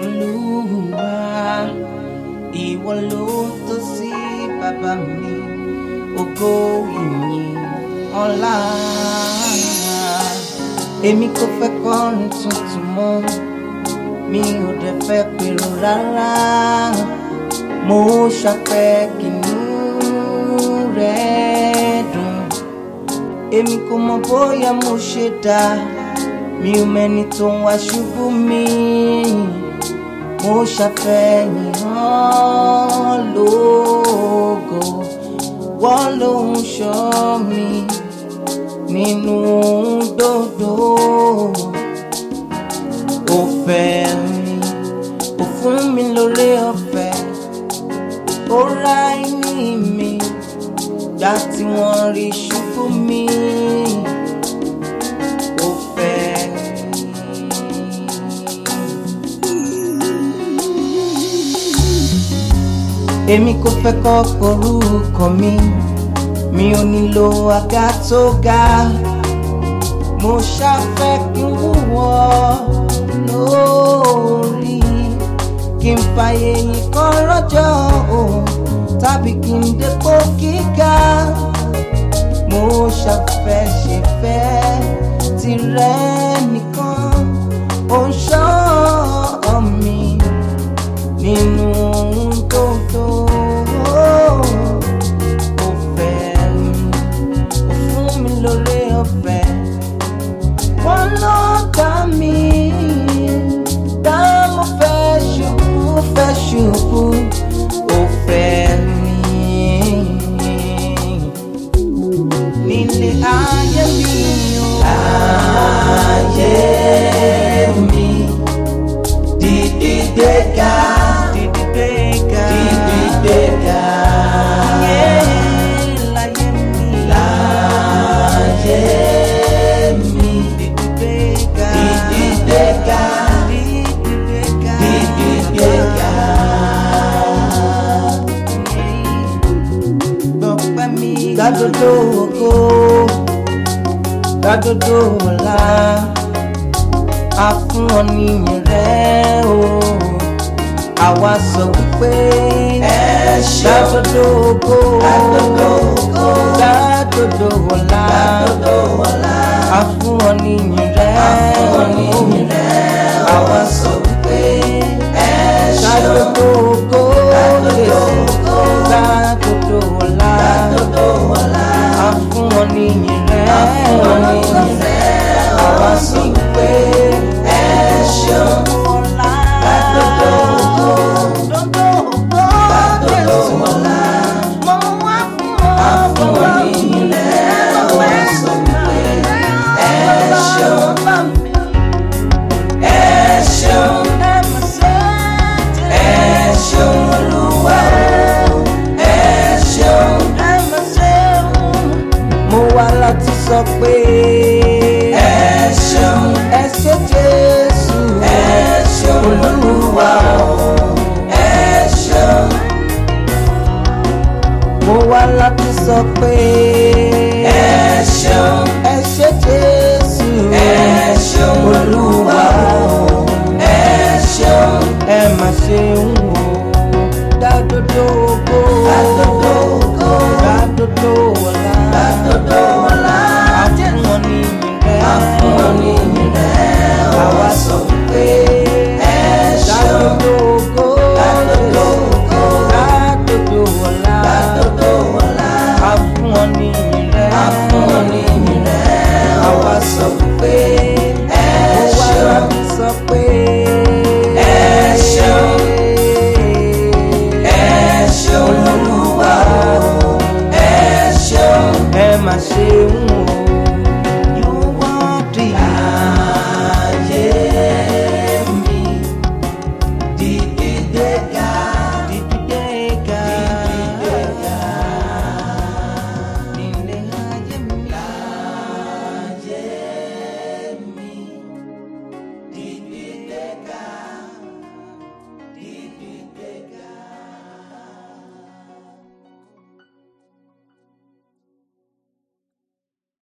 olúwa ìwọ ló tó sí bàbá mi ògo ìyìn ọlá èmi kò fẹ́ kọrin tuntun mọ́ mi ò dẹ̀ fẹ́ pèrò rárá mo ṣàfẹ́ kìnnú rẹ̀ dùn èmi kò mọ̀ bóyá mo ṣe dáa mi ò mẹ́ni tó ń wá ṣubú mi mo ṣàfẹ́yìn hàn lógo wọ́n ló ń ṣọ́ mi nínú dòdò ó fẹ́ mi ó fún mi lórí ọ̀fẹ́ ó ra ẹni mi gbà tí wọ́n rí ṣubú mi. èmi kò fẹ́ kọ́ porúkọ mi mi ò nílò àga tó ga mo ṣàfẹ́ kí n wúwọ́ lórí kí n fàyè yìí kọ́ rọ́jọ́ o tàbí kí n dépò gíga mo ṣàfẹ́ ṣe fẹ́ tirẹ̀ nìkan ó ń ṣọ́ mi nínú. Dididega Dididega Dididega Dadodo oko, dadodo ọ̀la a fún ọ níyìn rẹ o àwa sọ wípé ẹ ṣe dádodo ògo dádodo ọ̀la a fún ọ níyìn rẹ o àwa sọ wípé ẹ ṣe dádodo ògo dádodo ọ̀la a fún ọ níyìn rẹ o àwa sọ wípé. sọ pé ẹ ṣeun ẹ Jésù ẹ Olúwa o mo wá láti sọ pé ẹ ṣeun ẹ oluwa Jésù e ṣeun Olúwa o ẹ ṣeun ẹ má ṣeun o dá dodo o.